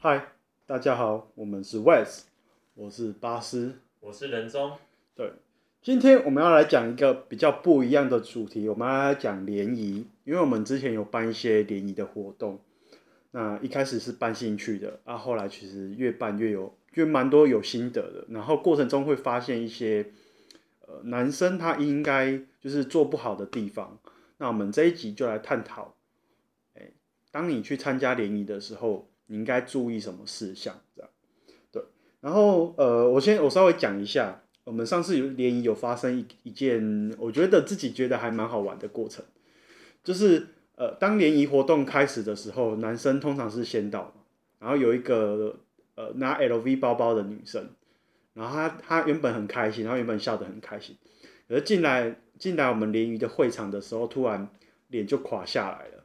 嗨，Hi, 大家好，我們是 Wes，我是巴斯，我是仁宗。對，今天我們要來講一個比較不一樣的主題，我們要來講聯誼，因為我們之前有辦一些聯誼的活動。那一開始是辦興趣的，啊，後來其實越辦越有，越蠻多有心得的。然後過程中會發現一些，呃，男生他應該就是做不好的地方。那我們這一集就來探討，哎，當你去參加聯誼的時候。你應該注意什麼事項？這樣，對，然後呃，我先我稍微講一下，我們上次有聯誼有發生一一件，我覺得自己覺得還蠻好玩的過程，就是呃，當聯誼活動開始的時候，男生通常是先到，然後有一個呃拿 LV 包包的女生，然後她她原本很開心，然後原本笑得很開心，可是進來進來我們聯誼的會場的時候，突然臉就垮下來了。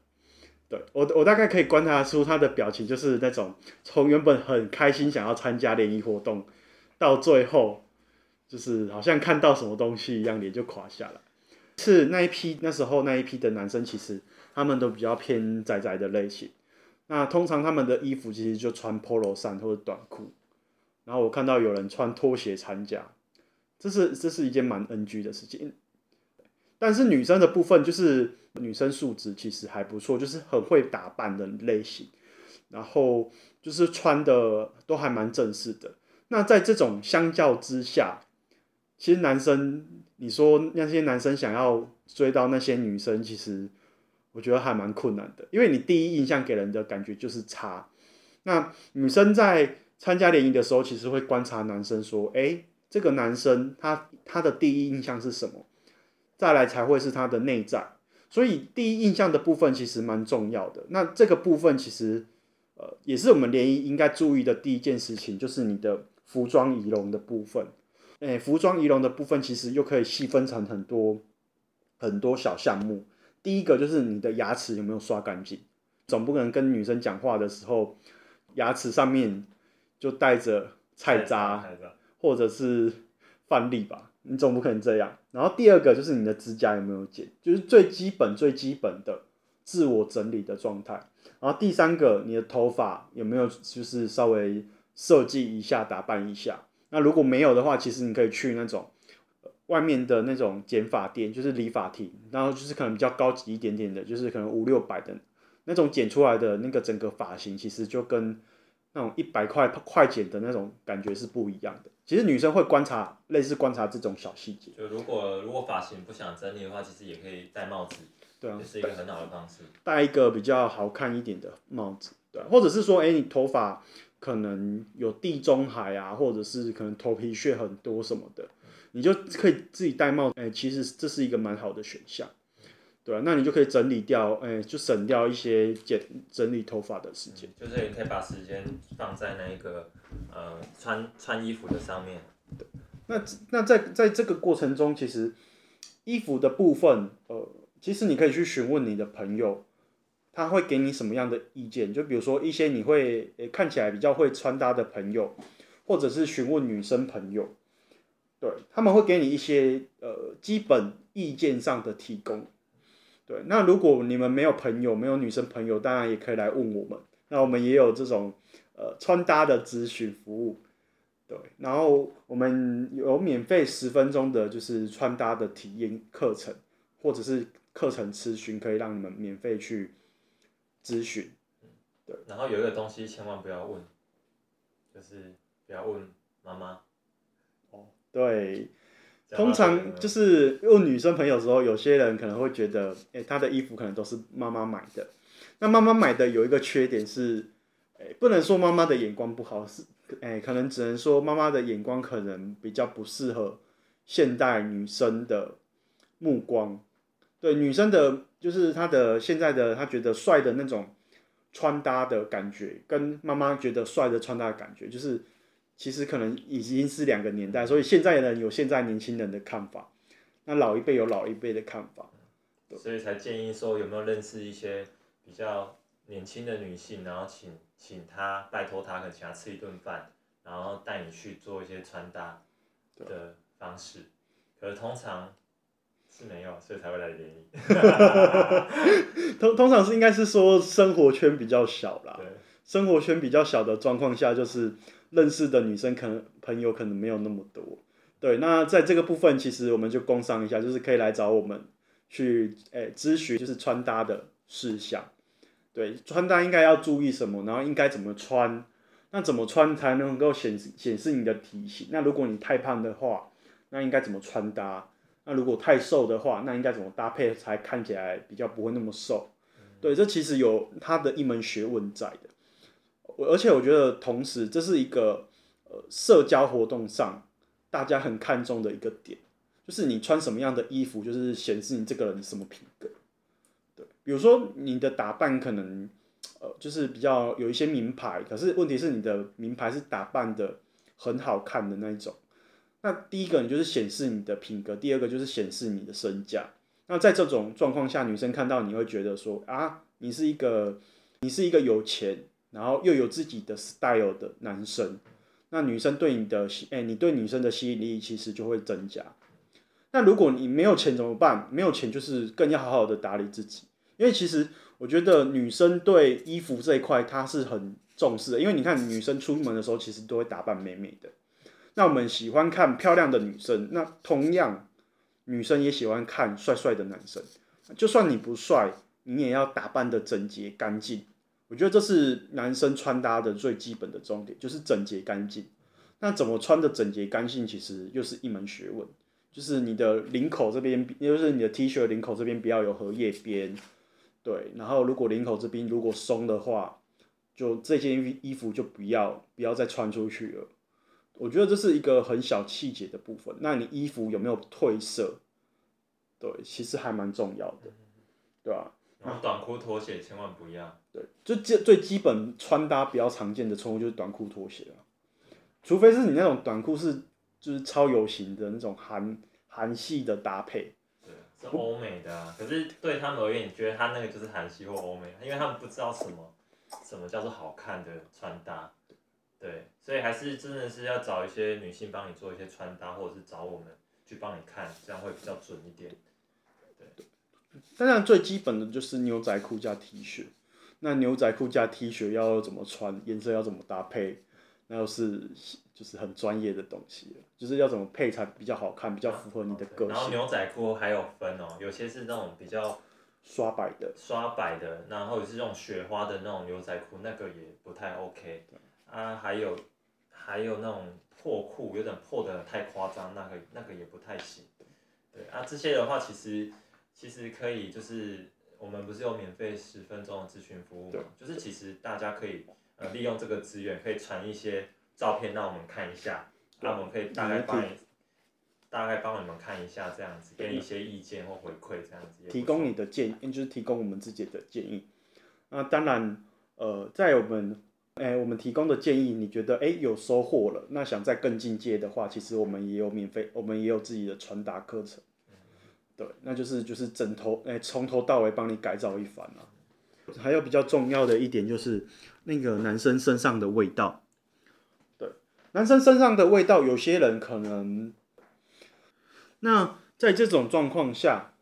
對，我，我大概可以觀察出他的表情，就是那種從原本很開心想要參加聯誼活動，到最後就是好像看到什麼東西一樣，臉就垮下來。是那一批那時候那一批的男生，其實他們都比較偏宅宅的類型。那通常他們的衣服其實就穿 Polo 衫或者短褲，然後我看到有人穿拖鞋參加，這是這是一件蠻 NG 的事情。但是女生的部分就是。女生素質其實還不錯，就是很會打扮的類型，然後就是穿的都還蠻正式的。那在這種相較之下，其實男生，你說那些男生想要追到那些女生，其實我覺得還蠻困難的，因為你第一印象給人的感覺就是差。那女生在參加聯誼的時候，其實會觀察男生說：“誒，這個男生他他的第一印象是什麼？”再來才會是他的內在。所以第一印象的部分其實蠻重要的，那這個部分其實，呃，也是我們聯誼應該注意的第一件事情，就是你的服裝儀容的部分。哎、欸，服裝儀容的部分其實又可以細分成很多很多小項目。第一個就是你的牙齒有沒有刷乾淨，總不能跟女生講話的時候，牙齒上面就帶着菜渣或者是飯粒吧。你總不可能這樣。然後第二個就是你的指甲有沒有剪，就是最基本最基本的自我整理的狀態。然後第三個，你的頭髮有沒有就是稍微設計一下、打扮一下？那如果沒有的話，其實你可以去那種外面的那種剪髮店，就是理髮廳，然後就是可能比較高級一點點的，就是可能五六百的那種剪出來的那個整個髮型，其實就跟。那種一百塊快剪的那種感覺是不一樣的。其實女生會觀察，類似觀察這種小細節。就如果如果髮型不想整理的話，其實也可以戴帽子，對、啊，這是一個很好的方式。戴一個比較好看一點的帽子，對、啊，或者是說，哎、欸，你頭髮可能有地中海啊，或者是可能頭皮屑很多什麼的，你就可以自己戴帽子。哎、欸，其實這是一個蠻好的選項。對啊，那你就可以整理掉，哎、欸，就省掉一些剪整理頭髮的時間、嗯。就是你可以把時間放在那個呃穿穿衣服的上面。對，那那在在這個過程中，其實衣服的部分，呃，其實你可以去詢問你的朋友，他會給你什麼樣的意見？就比如說一些你會、呃、看起來比較會穿搭的朋友，或者是詢問女生朋友，對，他們會給你一些呃基本意見上的提供。對，那如果你們沒有朋友，沒有女生朋友，當然也可以來問我們。那我們也有這種、呃、穿搭的諮詢服務，對。然後我們有免費十分鐘的，就是穿搭的體驗課程，或者是課程諮詢，可以讓你們免費去諮詢。對。然後有一個東西千萬不要問，就是不要問媽媽。哦，對。通常就是問女生朋友的時候，有些人可能會覺得，誒，欸，她的衣服可能都是媽媽買的。那媽媽買的有一個缺點是，欸，不能說媽媽的眼光不好，是，誒，可能只能說媽媽的眼光可能比較不適合現代女生的目光。對，女生的，就是她的現在的她覺得帥的那種穿搭的感覺，跟媽媽覺得帥的穿搭的感覺，就是。其實可能已經是兩個年代，所以現在人有現在年輕人的看法，那老一輩有老一輩的看法，所以才建議說有沒有認識一些比較年輕的女性，然後請請她拜托她，可能請她吃一頓飯，然後帶你去做一些穿搭的方式，對可是通常是沒有，所以才會來聯誼。 通通常是應該是說生活圈比較小啦。對生活圈比較小的狀況下，就是認識的女生可能朋友可能沒有那麼多。對，那在這個部分，其實我們就工商一下，就是可以來找我們去誒諮詢，欸、就是穿搭的事項。對，穿搭應該要注意什麼，然後應該怎麼穿？那怎麼穿才能夠顯示顯示你的體型？那如果你太胖的話，那應該怎麼穿搭？那如果太瘦的話，那應該怎，怎麼搭配才看起來比較不會那麼瘦？對，這其實有它的一門學問在的。而且我覺得，同時這是一個呃社交活動上大家很看重的一個點，就是你穿什麼樣的衣服，就是顯示你這個人什麼品格。對，比如說你的打扮可能呃就是比較有一些名牌，可是問題是你的名牌是打扮得很好看的那一種。那第一個你就是顯示你的品格，第二個就是顯示你的身價。那在這種狀況下，女生看到你會覺得說啊，你是一個你是一個有錢。然後又有自己的 style 的男生，那女生對你的吸、欸，你對女生的吸引力其實就會增加。那如果你沒有錢怎麼辦？沒有錢就是更要好好的打理自己，因為其實我覺得女生對衣服這一塊她是很重視的，因為你看女生出門的時候其實都會打扮美美的。那我們喜歡看漂亮的女生，那同樣女生也喜歡看帥帥的男生。就算你不帥，你也要打扮得整潔乾淨。我覺得這是男生穿搭的最基本的重點，就是整潔乾淨。那怎麼穿的整潔乾淨，其實又是一門學問。就是你的領口這邊，就是你的 T 恤領口這邊不要有荷葉邊，對。然後如果領口這邊如果鬆的話，就這件衣衣服就不要不要再穿出去了。我覺得這是一個很小細節的部分。那你衣服有沒有褪色？對，其實還蠻重要的，對吧、啊？短褲拖鞋千萬不要。嗯，對，就最最基本穿搭比較常見的錯誤就是短褲拖鞋、啊、除非是你那種短褲是就是超有型的那種韓韓系的搭配。對，是歐美的、啊，不可是對他們而言，你覺得他那個就是韓系或歐美，因為他們不知道什麼什麼叫做好看的穿搭。對，所以還是真的是要找一些女性幫你做一些穿搭，或者是找我們去幫你看，這樣會比較準一點。對。對當然，最基本的就是牛仔褲加 T 恤。那牛仔褲加 T 恤要怎麼穿，顏色要怎麼搭配，那要是就是很專業的東西，就是要怎麼配才比較好看，比較符合你的個性。啊、然後牛仔褲還有分哦、喔，有些是那種比較刷白的，刷白的，刷白的，然後也是這種雪花的那種牛仔褲，那個也不太 OK 對。啊，還有還有那種破褲，有點破的太誇張，那個那個也不太行。對啊，這些的話其實。其實可以，就是我們不是有免費十分鐘的諮詢服務嗎？對就是其實大家可以呃利用這個資源，可以傳一些照片讓我們看一下，那對我們可以大概幫大概幫你們看一下這樣子，給一些意見或回饋這樣子，提供你的建議，就是提供我們自己的建議。那當然，呃，在我們哎、欸、我們提供的建議你覺得哎、欸、有收穫了，那想再更進階的話，其實我們也有免費，我們也有自己的傳達課程。那就是就是枕頭誒，從頭到尾幫你改造一番啊。還有比較重要的一點就是，那個男生身上的味道。對，男生身上的味道，有些人可能。那在這種狀況下，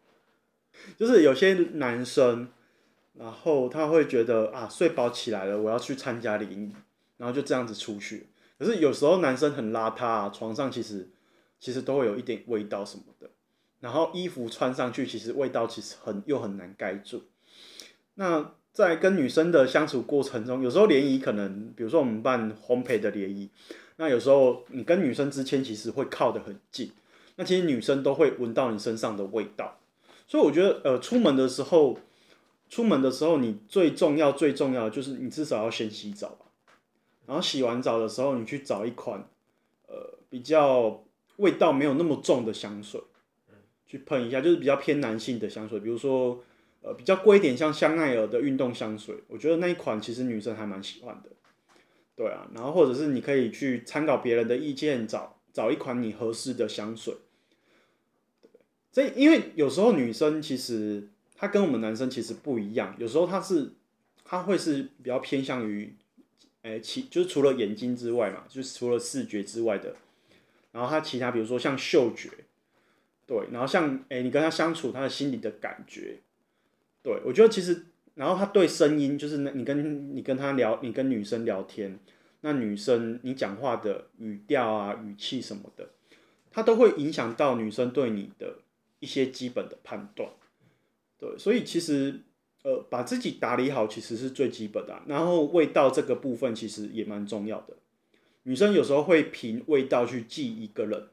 那就是有些男生，然後他會覺得啊，睡飽起來了，我要去參加聯誼，然後就這樣子出去。可是有時候男生很邋遢啊，床上其實其實都會有一點味道什麼的。然後衣服穿上去，其實味道其實很又很難蓋住。那在跟女生的相處過程中，有時候聯誼可能，比如說我們辦烘焙的聯誼，那有時候你跟女生之間其實會靠得很近，那其實女生都會聞到你身上的味道。所以我覺得，呃，出門的時候，出門的時候你最重要最重要的就是你至少要先洗澡。然後洗完澡的時候，你去找一款，呃，比較味道沒有那麼重的香水。去噴一下，就是比較偏男性的香水，比如說，呃，比較貴一點，像香奈兒的運動香水，我覺得那一款其實女生還蠻喜歡的。對啊，然後或者是你可以去參考別人的意見，找找一款你合適的香水。對，所以，因為有時候女生其實她跟我們男生其實不一樣，有時候她是她會是比較偏向於，誒、欸，其就是除了眼睛之外嘛，就是除了視覺之外的，然後她其他比如說像嗅覺。對，然後像哎，你跟他相處，他的心裡的感覺，對，我覺得其實，然後他對聲音，就是你跟你跟他聊，你跟女生聊天，那女生你講話的語調啊、語氣什麼的，他都會影響到女生對你的一些基本的判斷。對，所以其實呃，把自己打理好其實是最基本的啊，然後味道這個部分其實也蠻重要的，女生有時候會憑味道去記一個人。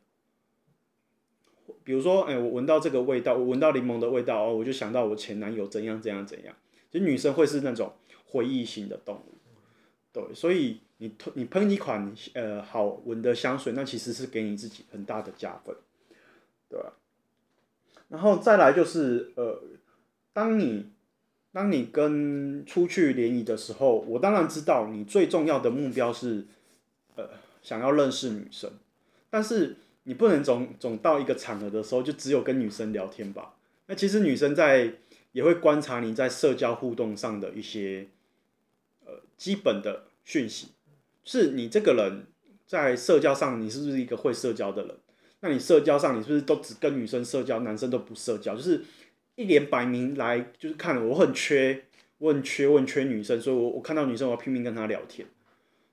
比如說，哎、欸，我聞到這個味道，我聞到檸檬的味道哦，我就想到我前男友怎樣怎樣怎樣。就女生會是那種回憶型的動物，對，所以你你噴一款呃好聞的香水，那其實是給你自己很大的加分，對吧？然後再來就是呃，當你當你跟出去聯誼的時候，我當然知道你最重要的目標是呃想要認識女生，但是。你不能總總到一個場合的時候就只有跟女生聊天吧？那其實女生在也會觀察你在社交互動上的一些呃基本的訊息，就是你這個人在社交上你是不是一個會社交的人？那你社交上你是不是都只跟女生社交，男生都不社交？就是一臉擺明來就是看我很缺，我很缺，我很缺女生，所以我我看到女生我要拼命跟她聊天，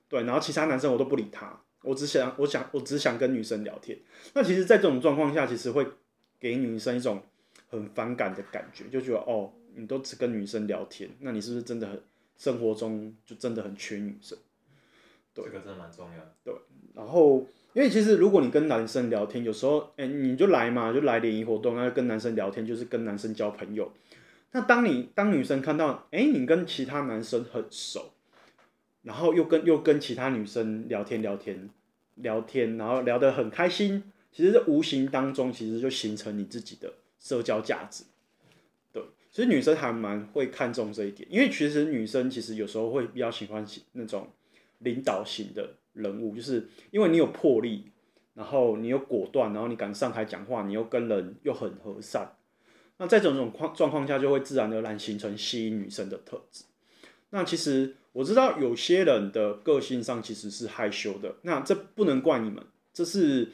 對，然後其他男生我都不理他。我只想，我想，我只想跟女生聊天。那其實，在這種狀況下，其實會給女生一種很反感的感覺，就覺得哦，你都只跟女生聊天，那你是不是真的很生活中就真的很缺女生？對，這個真的蠻重要的。對，然後因為其實如果你跟男生聊天，有時候，哎、欸，你就來嘛，就來聯誼活動，那就跟男生聊天，就是跟男生交朋友。那當你當女生看到，哎、欸，你跟其他男生很熟，然後又跟又跟其他女生聊天聊天。聊天，然後聊得很開心，其實這無形當中，其實就形成你自己的社交價值。對，其實女生還蠻會看重這一點，因為其實女生其實有時候會比較喜歡那種領導型的人物，就是因為你有魄力，然後你又果斷，然後你敢上台講話，你又跟人又很和善，那在這種狀況下，就會自然而然形成吸引女生的特質。那其實。我知道有些人的個性上其實是害羞的，那這不能怪你們，這是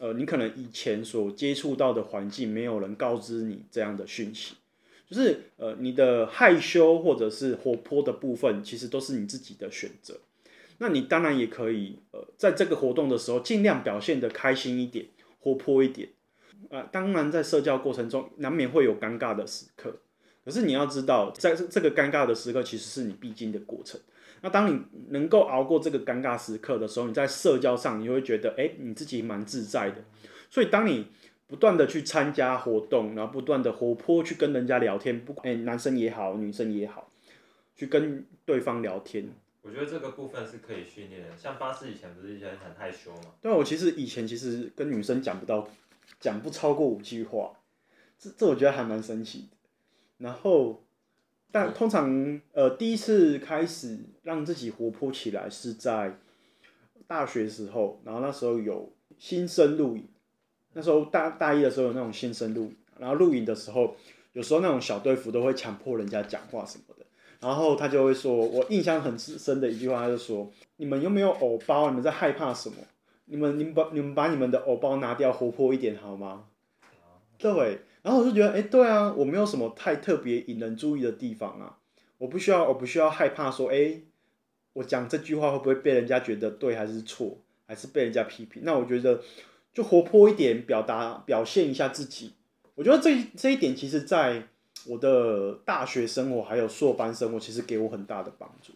呃你可能以前所接觸到的環境，沒有人告知你這樣的訊息，就是呃你的害羞或者是活潑的部分，其實都是你自己的選擇。那你當然也可以呃在這個活動的時候，盡量表現得開心一點，活潑一點啊，呃，當然在社交過程中，難免會有尷尬的時刻。可是你要知道，在這這個尷尬的時刻，其實是你必經的過程。那當你能夠熬過這個尷尬時刻的時候，你在社交上你會覺得，哎、欸，你自己蠻自在的。所以當你不斷的去參加活動，然後不斷的活潑去跟人家聊天，不管男生也好，女生也好，去跟對方聊天。我覺得這個部分是可以訓練的。像巴士以前不是以前很害羞嘛？對，我其實以前其實跟女生講不到，講不超過五句話，這這我覺得還蠻神奇然後，但通常，呃，第一次開始讓自己活潑起來是在大學時候。然後那時候有新生錄影，那時候大大一的時候有那種新生錄影，然後錄影的時候，有時候那種小隊輔都會強迫人家講話什麼的。然後他就會說，我印象很深的一句話，他就說：“你們有沒有偶包，你們在害怕什麼？你們你們把你們把你們的偶包拿掉，活潑一點好嗎？”這位。然後我就覺得，哎，對啊，我沒有什麼太特別引人注意的地方啊，我不需要，我不需要害怕說，哎，我講這句話會不會被人家覺得對還是錯，還是被人家批評？那我覺得就活潑一點，表達表現一下自己。我覺得這這一點其實在我的大學生活還有碩班生活，其實給我很大的幫助，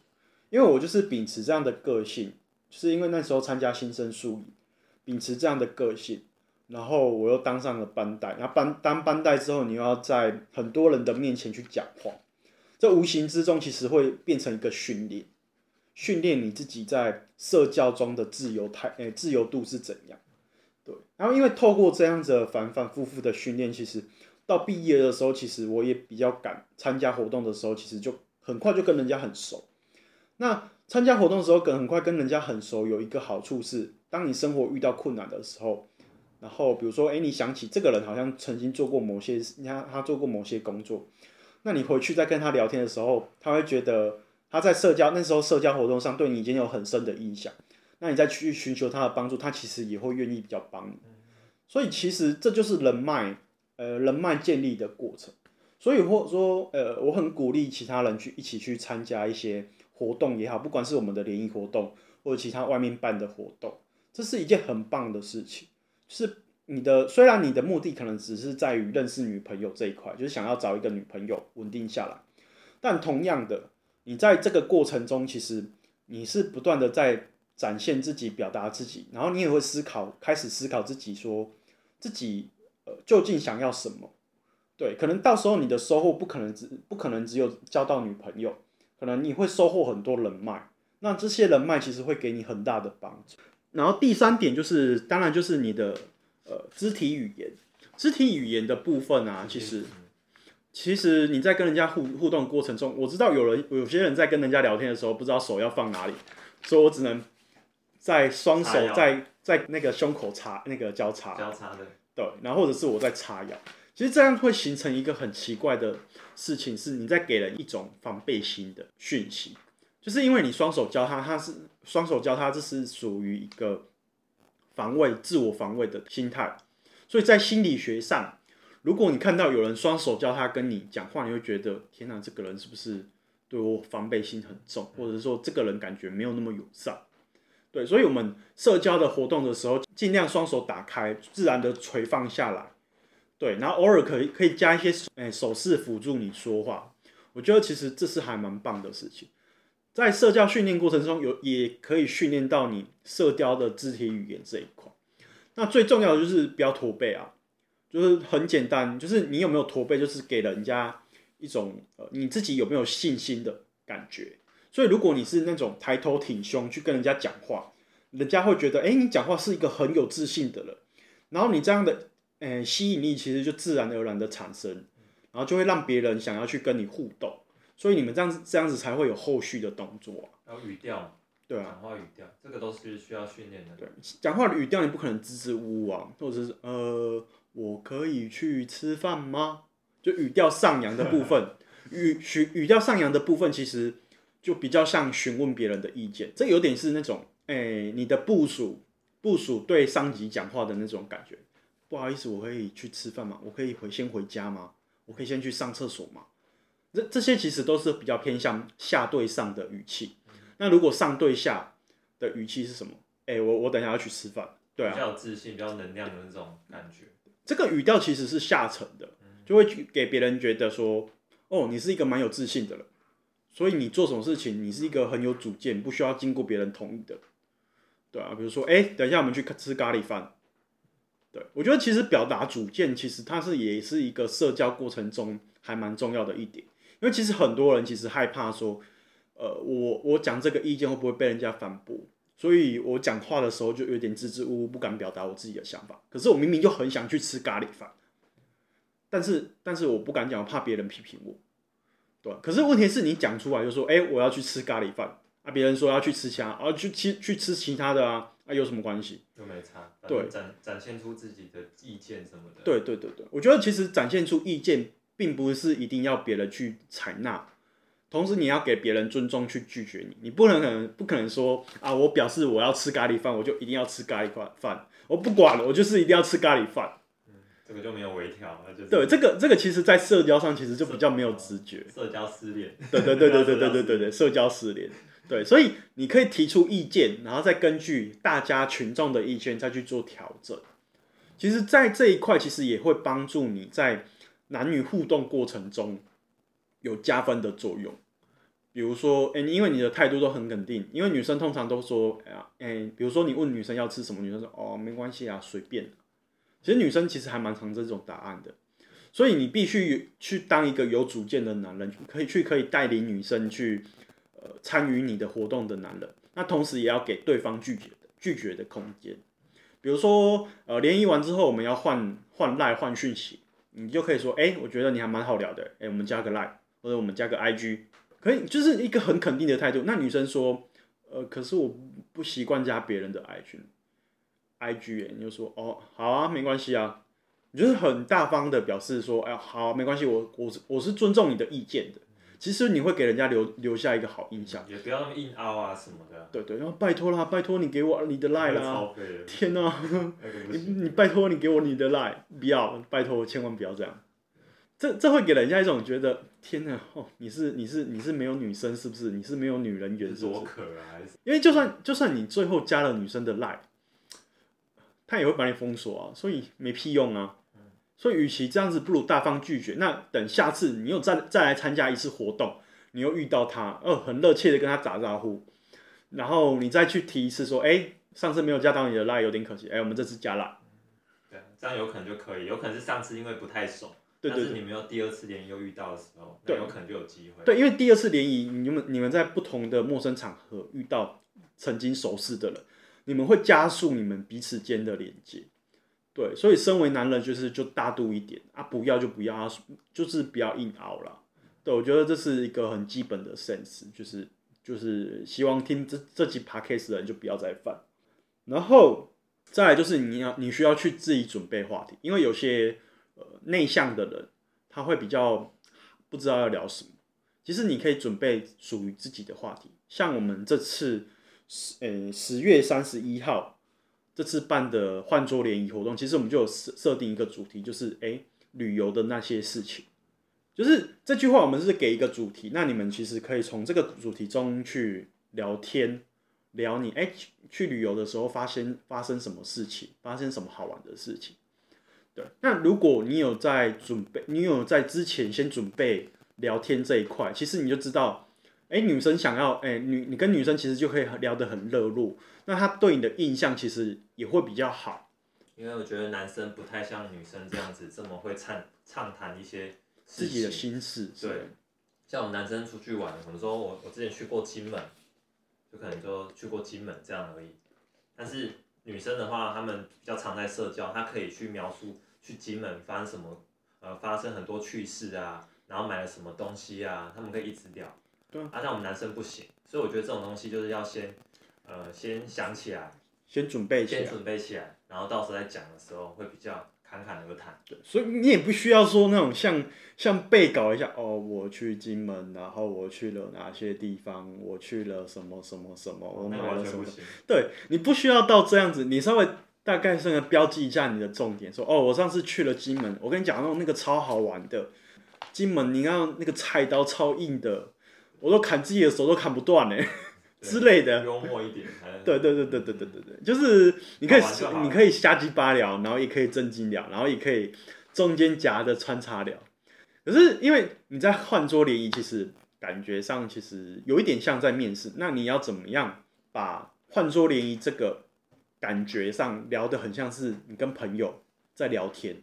因為我就是秉持這樣的個性，就是因為那時候參加新生宿營，秉持這樣的個性。然後我又當上了班代，然後班當班代之後，你又要在很多人的面前去講話，這無形之中其實會變成一個訓練，訓練你自己在社交中的自由態呃、哎、自由度是怎樣。對，然後因為透過這樣子的反反復復的訓練，其實到畢業的時候，其實我也比較敢參加活動的時候，其實就很快就跟人家很熟。那參加活動的時候跟很快跟人家很熟，有一個好處是，當你生活遇到困難的時候。然後，比如說，哎，你想起這個人好像曾經做過某些，你看他做過某些工作，那你回去再跟他聊天的時候，他會覺得他在社交那時候社交活動上對你已經有很深的印象，那你再去尋求他的幫助，他其實也會願意比較幫你。所以，其實這就是人脈，呃，人脈建立的過程。所以，或說，呃，我很鼓勵其他人去一起去參加一些活動也好，不管是我們的聯誼活動或者其他外面辦的活動，這是一件很棒的事情。是你的，雖然你的目的可能只是在於認識女朋友這一塊，就是想要找一個女朋友穩定下來，但同樣的，你在這個過程中，其實你是不斷的在展現自己、表達自己，然後你也會思考，開始思考自己說自己呃究竟想要什麼。對，可能到時候你的收穫不可能只不可能只有交到女朋友，可能你會收穫很多人脈，那這些人脈其實會給你很大的幫助。然後第三點就是，當然就是你的呃肢體語言，肢體語言的部分啊，其實，嗯嗯、其實你在跟人家互互動過程中，我知道有人有些人在跟人家聊天的時候，不知道手要放哪裡，所以我只能在雙手在在那個胸口插那個交叉交叉的對，然後或者是我在叉腰，其實這樣會形成一個很奇怪的事情，是你在給人一種防備心的訊息。就是因為你雙手交他，他是雙手交他，這是屬於一個防衛、自我防衛的心態。所以在心理學上，如果你看到有人雙手交他跟你講話，你會覺得天哪，這個人是不是對我防備心很重，或者說這個人感覺沒有那麼友善？對，所以我們社交的活動的時候，盡量雙手打開，自然的垂放下來。對，然後偶爾可以可以加一些誒手勢輔助你說話。我覺得其實這是還蠻棒的事情。在社交訓練過程中，有也可以訓練到你社交的肢體語言這一塊。那最重要的就是不要駝背啊，就是很簡單，就是你有沒有駝背，就是給人家一種呃你自己有沒有信心的感覺。所以如果你是那種抬頭挺胸去跟人家講話，人家會覺得誒、欸，你講話是一個很有自信的人，然後你這樣的誒、呃、吸引力其實就自然而然的產生，然後就會讓別人想要去跟你互動。所以你們這樣子這樣子才會有後續的動作啊。然後語調，對啊，講話語調，這個都是需要訓練的。對，講話的語調你不可能支支吾吾啊，或者是呃，我可以去吃飯嗎？就語調上揚的部分， 語語語，語調上揚的部分其實就比較像詢問別人的意見，這有點是那種，哎，你的部署部署對上級講話的那種感覺。不好意思，我可以去吃飯嗎？我可以回先回家嗎？我可以先去上廁所嗎？這這些其實都是比較偏向下對上的語氣。那如果上對下的語氣是什麼？哎，我我等下要去吃飯。對啊，比較有自信，比較能量的那種感覺。這個語調其實是下沉的，就會給別人覺得說，哦，你是一個蠻有自信的人。所以你做什麼事情，你是一個很有主見，不需要經過別人同意的。對啊，比如說，哎，等一下我們去吃咖喱飯。對，我覺得其實表達主見，其實它是也是一個社交過程中還蠻重要的一點。因為其實很多人其實害怕說，呃，我我講這個意見會不會被人家反駁，所以我講話的時候就有點支支吾吾，不敢表達我自己的想法。可是我明明就很想去吃咖喱飯，但是但是我不敢講，我怕別人批評我，對，可是問題是，你講出來就說，哎、欸，我要去吃咖喱飯啊，別人說要去吃蝦，啊，去去去吃其他的啊，啊有什麼關係？又沒差。對，展展現出自己的意見什麼的。對對對對，我覺得其實展現出意見。並不是一定要別人去採納，同時你要給別人尊重去拒絕你，你不能，可能不可能說啊，我表示我要吃咖喱飯，我就一定要吃咖喱飯，飯我不管了，我就是一定要吃咖喱飯。嗯，這個就沒有微調，就是、對，這個這個其實，在社交上其實就比較沒有直覺，社交，社交失聯。對對對對對對對對對，社交失聯。 對，所以你可以提出意見，然後再根據大家群眾的意見再去做調整。其實，在這一塊其實也會幫助你在。男女互動過程中有加分的作用，比如說，哎、欸，因為你的態度都很肯定，因為女生通常都說，哎、欸，比如說你問女生要吃什麼，女生說，哦，沒關係啊，隨便、啊。其實女生其實還蠻常這種答案的，所以你必須去當一個有主見的男人，可以去可以帶領女生去呃參與你的活動的男人。那同時也要給對方拒絕拒絕的空間，比如說，呃，聯誼完之後，我們要換換 LINE 換訊息。你就可以說，哎，我覺得你還蠻好聊的，哎，哎，我們加個 line，或者我們加個 IG，可以就是一個很肯定的態度。那女生說，呃，可是我不習慣加別人的 IG，IG，哎，你就說，哦，好啊，沒關係啊，你就是很大方的表示說，哎呀，好啊，沒關係，我我我是尊重你的意見的。其實你會給人家留留下一個好印象，也不要那麼硬凹啊什麼的。對，對對，然後拜托啦，拜托你給我你的 line 啦。天吶、啊， 你你拜托你給我你的 line 不要拜托，千萬不要這樣，這這會給人家一種覺得天哪，喔、你是你是你是沒有女生是不是？你是沒有女人緣，多可愛，因為就算就算你最後加了女生的 line 他也會把你封鎖啊，所以沒屁用啊。所以，與其這樣子，不如大方拒絕。那等下次你又再再來參加一次活動，你又遇到他，呃，很熱切的跟他打招呼，然後你再去提一次說，哎、欸，上次沒有加到你的 Line 有點可惜，哎、欸，我們這次加啦。對，這樣有可能就可以。有可能是上次因為不太熟，對對對，但是你沒有第二次聯誼又遇到的時候，對有可能就有機會。對，因為第二次聯誼，你們你們在不同的陌生場合遇到曾經熟識的人，你們會加速你們彼此間的連接。對，所以身為男人就是就大度一點啊，不要就不要，啊，就是不要硬熬啦。對，我覺得這是一個很基本的 sense，就是就是希望聽這這集 podcast 的人就不要再犯。然後再來就是你要你需要去自己準備話題，因為有些呃內向的人他會比較不知道要聊什麼。其實你可以準備屬於自己的話題，像我們這次十呃十月三十一號。這次辦的換桌聯誼活動，其實我們就有設定一個主題，就是誒旅遊的那些事情，就是這句話我們是給一個主題，那你們其實可以從這個主題中去聊天，聊你誒去去旅遊的時候發生發生什麼事情，發生什麼好玩的事情。對，那如果你有在準備，你有在之前先準備聊天這一塊，其實你就知道。欸，女生想要，欸，女你跟女生其實就可以聊得很熱絡，那她對你的印象其實也會比較好。因為我覺得男生不太像女生這樣子這麼會暢暢談一些自己的心事。對，像我們男生出去玩，可能說我我之前去過金門，就可能就去過金門這樣而已。但是女生的話，她們比較常在社交，她可以去描述去金門發生什麼，呃，發生很多趣事啊，然後買了什麼東西啊，她們可以一直聊。啊，像我們男生不行，所以我覺得這種東西就是要先，呃，先想起來，先準備，先準備起來，起來然後到時候再講的時候會比較侃侃而談。對，所以你也不需要說那種像像背稿一下，哦，我去金門，然後我去了哪些地方，我去了什麼什麼什麼，我買了什麼，那個、對你不需要到這樣子，你稍微大概性的標記一下你的重點，說哦，我上次去了金門，我跟你講那種那個超好玩的，金門，你要那個菜刀超硬的。我都砍自己的手都砍不斷呢對之類的，幽默一點，對 對對對對對對對，嗯、就是你可以、啊、你可以瞎雞巴聊，然後也可以正經聊，然後也可以中間夾着穿插聊，可是因為你在換桌聯誼，其實感覺上其實有一點像在面試。那你要怎麼樣把換桌聯誼這個感覺上聊得很像是你跟朋友在聊天？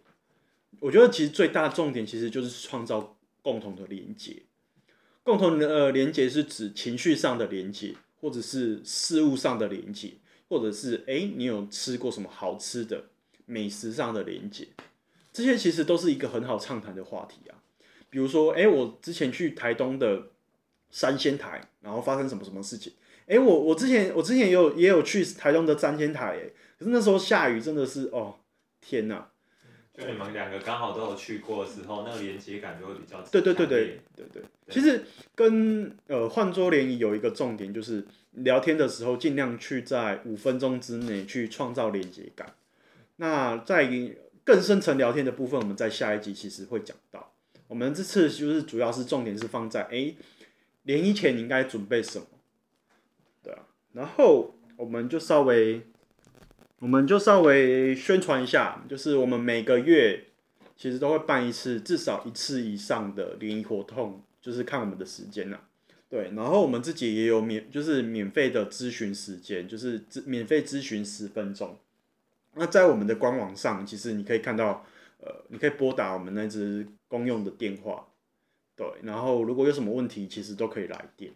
我覺得其實最大的重點其實就是創造共同的連接。共同的呃連接是指情緒上的連接，或者是事物上的連接，或者是欸，你有吃過什麼好吃的美食上的連接，這些其實都是一個很好暢談的話題啊。比如說，欸，我之前去台東的三仙台，然後發生什麼什麼事情？欸，我我之前我之前也有也有去台東的三仙台，欸，可是那時候下雨真的是哦，天哪！因為你們兩個剛好都有去過的時候，那個連接感就會比較強。對對對對對。其實跟呃換桌聯誼有一個重點，就是聊天的時候盡量去在五分鐘之內去創造連接感。嗯、那在更深層聊天的部分，我們在下一集其實會講到。我們這次就是主要是重點是放在哎，聯誼前你應該準備什麼？對啊，然後我們就稍微。我們就稍微宣傳一下，就是我們每個月其實都會辦一次，至少一次以上的聯誼活動，就是看我們的時間了。對，然後我們自己也有免，就是免費的諮詢時間，就是免免費諮詢十分鐘。那在我們的官網上，其實你可以看到，呃，你可以撥打我們那支公用的電話，對，然後如果有什麼問題，其實都可以來電。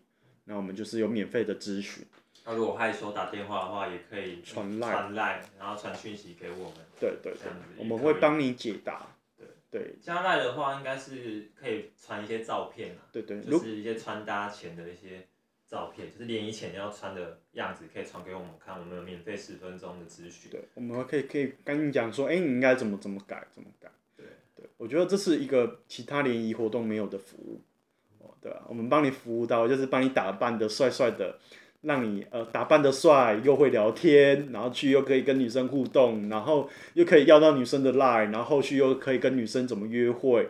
那我們就是有免費的諮詢。他、啊、如果害羞打電話的話，也可以傳賴，傳賴、嗯，Line，然後傳訊息給我們。對，對對，這樣子我們會幫你解答。對對，對，加賴的話應該是可以傳一些照片，啊、對，對對，就是一些穿搭前的一些照片，如就是聯誼前要穿的樣子，可以傳給我們看。我們有免費十分鐘的諮詢。對，我們可以可以跟你講說，哎、欸，你應該怎麼怎麼改，怎麼改。對對，我覺得這是一個其他聯誼活動沒有的服務，嗯、哦、對、啊、我們幫你服務到，就是幫你打扮的帥帥的。讓你呃打扮得帥，又會聊天，然後去又可以跟女生互動，然後又可以要到女生的 line，然後後續又可以跟女生怎麼約會，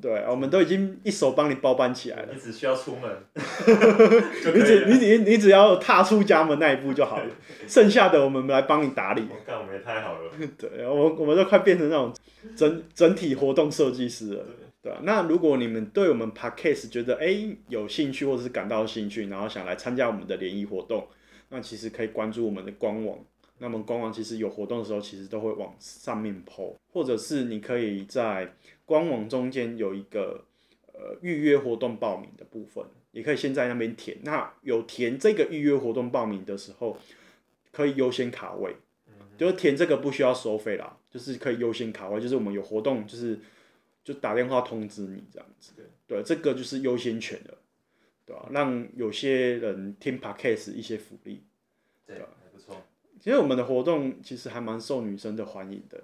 對，我們都已經一手幫你包辦起來了。你只需要出門， 你只你你你只要踏出家門那一步就好了， 剩下的我們來幫你打理。幹我們也太好了，對，我我們都快變成那種整整體活動設計師了。 對啊，那如果你們對我們 podcast 覺得哎，有興趣或者是感到興趣，然後想來參加我們的聯誼活動，那其實可以關注我們的官網。那麼官網其實有活動的時候，其實都會往上面 po，或者是你可以在官網中間有一個呃預約活動報名的部分，也可以先在那邊填。那有填這個預約活動報名的時候，可以優先卡位，就是填這個不需要收費啦，就是可以優先卡位，就是我們有活動就是。就打電話通知你這樣子，對，這個就是優先權的，對、啊、讓有些人聽 podcast 一些福利，對、啊對，還不錯。其實我們的活動其實還蠻受女生的歡迎的，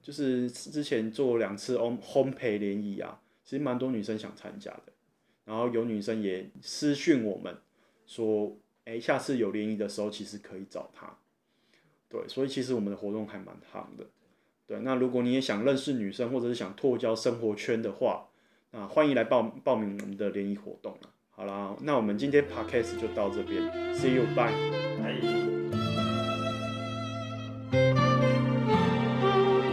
就是之前做兩次烘焙聯誼啊，其實蠻多女生想參加的。然後有女生也私訊我們說，哎、欸，下次有聯誼的時候其實可以找她。對，所以其實我們的活動還蠻夯的。那如果你也想認識女生，或者是想拓交生活圈的話，那歡迎來報報名我們的聯誼活動啦。好啦，那我們今天 podcast 就到這邊，see you，bye。